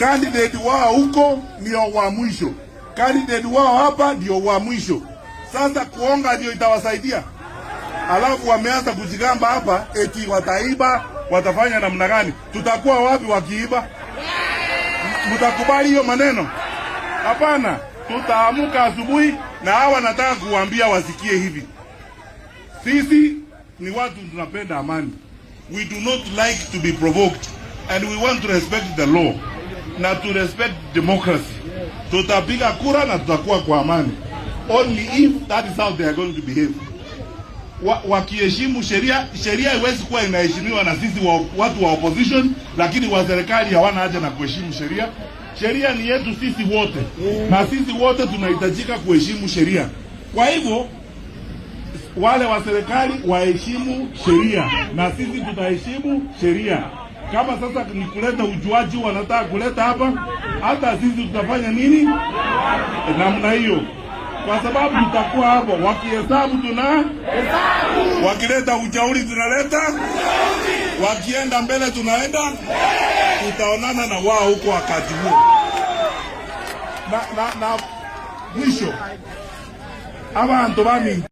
Candidate wao huko ndio wa mwisho, candidate wao hapa ndio wa mwisho. Sasa kuonga ndio itawasaidia? Alafu wameanza kujigamba hapa eti wataiba, watafanya namna gani? Tutakuwa wapi wakiiba? Mtakubali hiyo maneno? Hapana, tutaamuka asubuhi. Na hawa nataka kuwambia wasikie hivi, sisi ni watu tunapenda amani, we do not like to be provoked and we want to respect the law na tu respect democracy, tutapiga kura na tutakuwa kwa amani, only if that is how they are going to behave. Wakiheshimu sheria, sheria haiwezi kuwa inaheshimiwa na sisi wa, watu wa opposition, lakini wa serikali hawana haja na kuheshimu sheria. Sheria ni yetu sisi wote na sisi wote tunahitajika kuheshimu sheria. Kwa hivyo wale wa serikali waheshimu sheria na sisi tutaheshimu sheria. Kama sasa ni kuleta ujuaji wanataka kuleta hapa, hata sisi tutafanya nini namna hiyo, kwa sababu tutakuwa hapo, wakihesabu tuna hesabu, wakileta ujauri tunaleta ujauri, wakienda mbele tunaenda mbele. Tutaonana na wao huko wakati huo, na na na mwisho abantu bami